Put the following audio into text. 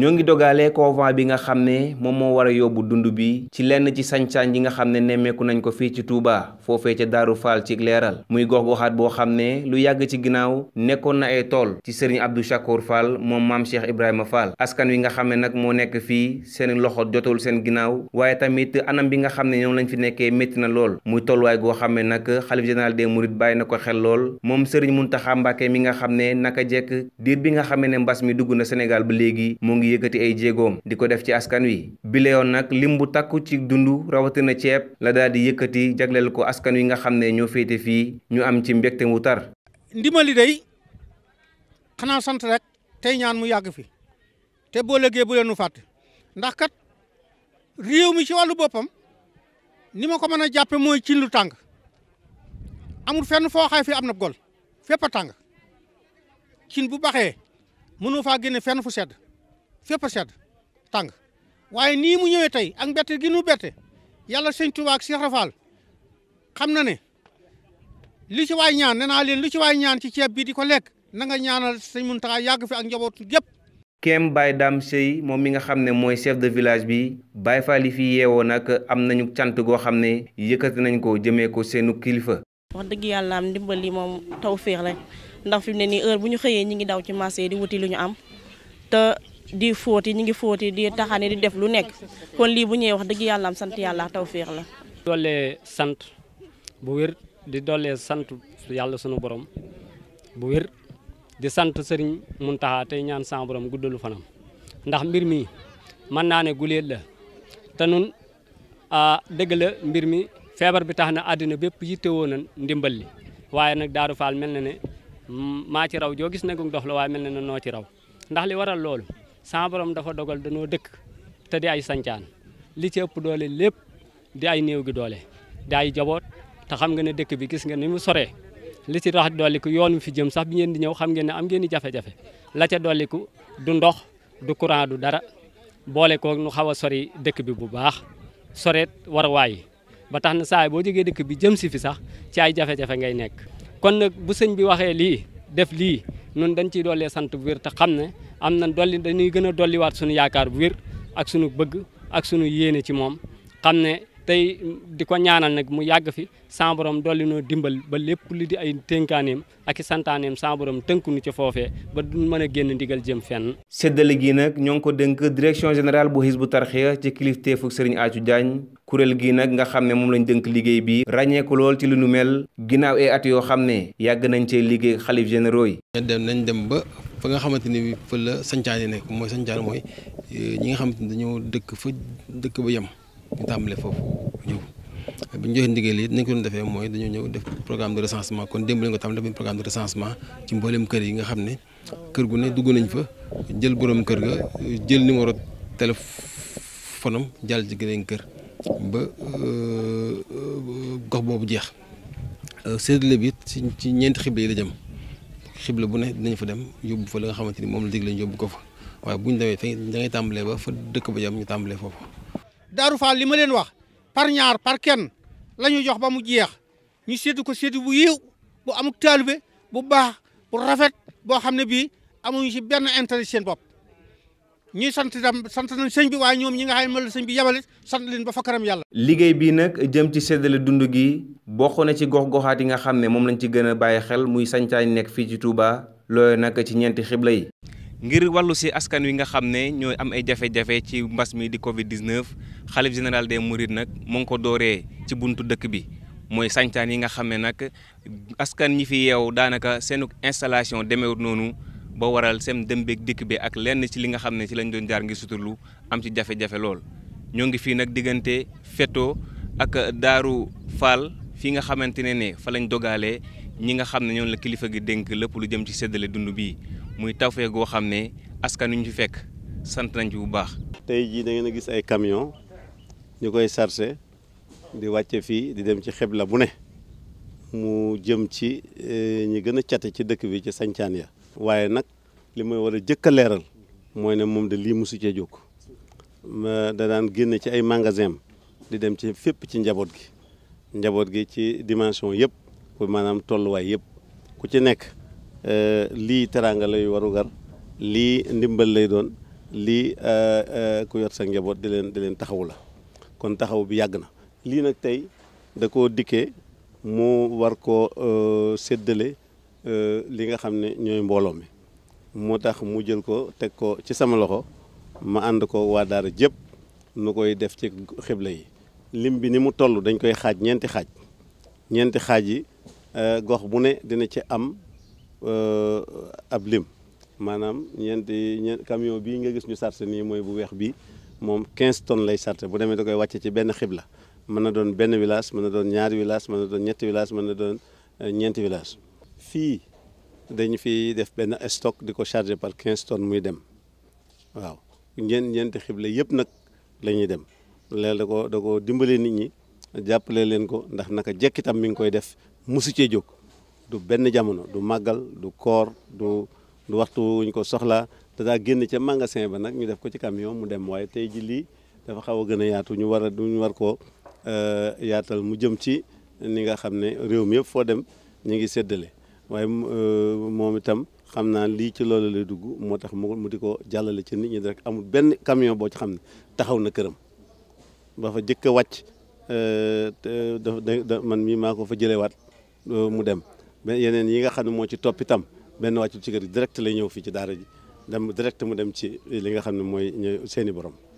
ñoo ngi dogalee convoi bi nga xam ne moom moo war a yóbbu dund bi ci lenn ci sañ-sañ yi nga xam ne nemmeeku nañ ko fii ci Touba foofee ca Daaru Fall ci leeral muy gox goxaat boo xam ne lu yàgg ci ginnaaw nekkoon na ay tool ci sëriñ Abdou Chakour Fall moom maam Cheikh Ibrahima Fall askan wi nga xam ne nag moo nekk fii seen loxo jotul seen ginnaaw waaye tamit anam bi nga xam ne ñoom lañ fi nekkee métti na lool muy tolluwaay goo xam ne nag xalif général des Mourides bàyyi na ko xel lool moom sëriñ Mountakha Mbacké mi nga xam ne naka jekk diir bi nga xam ne mbas mi dugg na Sénégal léegi di yëkkati ay jéegoom di ko def ci askan wi bile yoon nag lim bu takku ci dund rawatina ceeb la daal di yëkkati jagleel ko askan wi nga xam ne ñoo féete fii ñu am ci mbégte mu tar. ndimali day xanaa sant rek tey ñaan mu yàgg fi te boo lëggee bu leen nu fàtte ndax kat réew mi ci wallu boppam ni ma ko mën a jàppe mooy cin lu tàng amul fenn foo xay fi am na gol fépp a tàng cin bu baxee mënoo faa génne fenn fu sedd fépp a sedd tàng waaye nii mu ñëwee tey ak mbette gi nu bette yàlla sëñ Tuubaa ak xam na ne li ci waay ñaan nee naa leen lu ci waay ñaan ci ceeb bii di ko lekk nanga nga ñaanal mun Muntaxa yàgg fi ak njabootu gépp Kéem Baye Dame Sey moom mi nga xam ne mooy chef de village bi Baye Fall yi fi yeewoo nag am nañu cant goo xam ne yëkkati nañ ko jëmee ko seenu kilifa. wax dëgg yàlla am ndimbal yi moom tawféex la ndax fi ne nii heure bu ñu xëyee ñi ngi daw ci marché di wuti lu am di fóoti ñu ngi fóoti di taxani di def lu nekk kon lii bu ñëwee wax dëgg yàlla am sant yàlla tawféex la. di sant bu wér di sant yàlla sunu borom bu wér di sant Serigne Mountakha tey ñaan sama borom guddalu fanam ndax mbir mi mën naa ne guléet la te nun dëgg la mbir mi feebar bi tax na àddina bépp yittewoo nañ ndimbal li waaye nag Darou Fall mel na ne maa ci raw joo gis nag dox la waaye mel na ne noo ci raw ndax li waral loolu. sama dafa dogal dañoo dëkk te di ay sancaan li ci ëpp doole lépp di ay néew gi doole di ay jaboot te xam nga ne dëkk bi gis nga ni mu soree li ci tax dolliku yoon fi jëm sax bi ngeen di ñëw xam ngeen ne ngeen di jafe-jafe la ca dolliku du ndox du courant du dara boole kook nu xaw a sori dëkk bi bu baax soreet war waay ba tax na saa boo jógee dëkk bi jëm si fi sax ci ay jafe-jafe ngay nekk kon nag bu sëñ bi waxee lii def lii nun dañ ciy doolee sant bu wér xam ne am na dolli dañuy gën a dolliwaat suñu yaakaar bu wér ak suñu bëgg ak suñu yéene ci moom xam ne tey di ko ñaanal nag mu yàgg fi sa dolli noo dimbal ba lépp li di ay tënkaaneem ak i santaaneem sa borom tënkuñu ci foofe ba du mën a génn ndigal jëm fenn. seddale gi nag ñoo ngi ko dénk direction générale bu Hizbut Tarqiyyah ci kilifteefu Serigne Athio Diagne kuréel gi nag nga xam ne moom lañ dënk liggéey bi ràññeeku ko lool ci lu nu mel ginnaaw ay at yoo xam ne yàgg nañ cee liggéey xalif généraux yi. dem nañ dem ba fa nga xamante ni fa la sancaan yi nekk mooy sancaan mooy eh, ñi nga xamante ni dañoo dëkk fa dëkk ba yem ñu tàmbale foofu ñëw bi ñu joxee ndigal yi nañ ko defee mooy dañoo ñëw def programme de recensement kon démb lañ ko tàmbale def programme de recensement ci mboolem kër yi nga xam ne kër gu ne dugg nañ fa jël boroom kër ga jël numéro téléphone am jàll ci geneen kër ba euh, euh, gox boobu jeex euh, séddale bi ci ñeenti xible yi la jëm xibla bu ne dinañ fa dem yóbbu fa la nga xamante ni moom la digle ñu yóbbu ko fa waaye bu ñu demee fa da ngay tàmbalee ba fa dëkk ba yam ñu tàmbalee foofu. Darou Fall li ma leen wax par ñaar par kenn la ñu jox ba mu jeex ñu séddu ko séddu bu yiw bu amuk taalube bu baax bu rafet boo xam ne bii amuñu si benn intérêt seen bopp. ñuy sant itam sant nañ sëñ bi waa ñoom ñi nga xam ne la sëñ bi yabale sant leen ba fakkaram yàlla liggéey bii nag jëm ci séddale dundu gi bokk na ci gox-goxaat yi nga xam ne moom lañu ci gën a bàyyi xel muy sancaañ nekk fii ci Touba loolu nag ci ñeenti xibla yi ngir wàllu si askan wi nga xam ne ñooy am ay jafe-jafe ci mbas mi di covid 19 xalif général des mourides nag mu ngi ko dooree ci buntu dëkk bi mooy sancaan yi nga xam ne nag askan ñi fi yeew daanaka seenu installation demeewut noonu ba waral seen dem beeg dikk bi ak lenn ci li nga xam ne ci lañ doon jaar ngir suturlu am ci jafe-jafe lool. ñoo ngi fii nag diggante Feto ak Daaru Fall fii nga xamante ne ne fa lañ dogalee ñi nga xam ne ñoom la kilifa gi dénk lépp lu jëm ci séddale dund bii muy taw tawfee goo xam ne askan wi ñu fekk sant nañ ci bu baax. tey jii dangeen a gis ay camion ñu koy chargé di wàcce fii di dem ci xeb la bu ne mu jëm ci eh, ñi gën a cate ci dëkk bi ci sancaan ya waaye nag li may war a jëkk a leeral mooy nag moom de lii mosu cee jóg ma da daan génne ci ay magasin di dem ci fépp ci njaboot gi njaboot gi ci dimension yëpp maanaam tolluwaay yëpp ku ci nekk euh, lii teraanga lay warugar lii ndimbal lay doon lii euh, euh, ku yor sa njaboot di leen di leen taxawu la kon taxaw bi yàgg na lii nag tey da koo dikkee mu war koo séddale Euh, li nga xam ne ñooy mbooloo mi moo tax mu jël ko teg ko ci sama loxo ma ànd ko waa daara jëpp nu koy def ci xibla yi lim bi ni mu toll dañ koy xaaj ñeenti xaaj ñeenti xaaj yi euh, gox bu ne dina ci am euh, ab lim maanaam ñeenti ñeent camion bii nga gis ñu sarse nii mooy bu weex bii moom 15 ton lay sarse bu demee da koy wàcce ci benn xibla mën na doon benn village mën na doon ñaari village mën na doon ñetti village mën na doon ñeenti village fii dañ fi def benn stock di ko chargé par quinze tonnes muy dem waaw ñeent ñeenti xible yëpp nag la dem léegi da ko da ko dimbale nit ñi jàppale leen ko ndax naka jekkitam mi ngi koy def musu cee jóg du benn jamono du màggal du koor du du waxtu wuñ ko soxla te génn ca magasin ba nag ñu def ko ci camion mu dem waaye tey ji lii dafa xaw a gën a yaatu ñu war a ñu war koo euh, yaatal mu jëm ci ni nga xam ne réew mi yëpp foo dem ñu ngi séddale waaye euh, moom itam xam naa lii ci loolu lay dugg moo tax mu di ko jàllale ci nit ñi rek amul benn camion boo ci xam ne taxaw na këram ba fa jëkk a wàcc euh, da man mii maa ko fa jëlewaat euh, mu dem yeneen yi nga xam ne moo ci topp itam benn wàccu ci kër direct lay ñëw fii ci daara ji dem direct mu dem ci li nga xam ne mooy seeni borom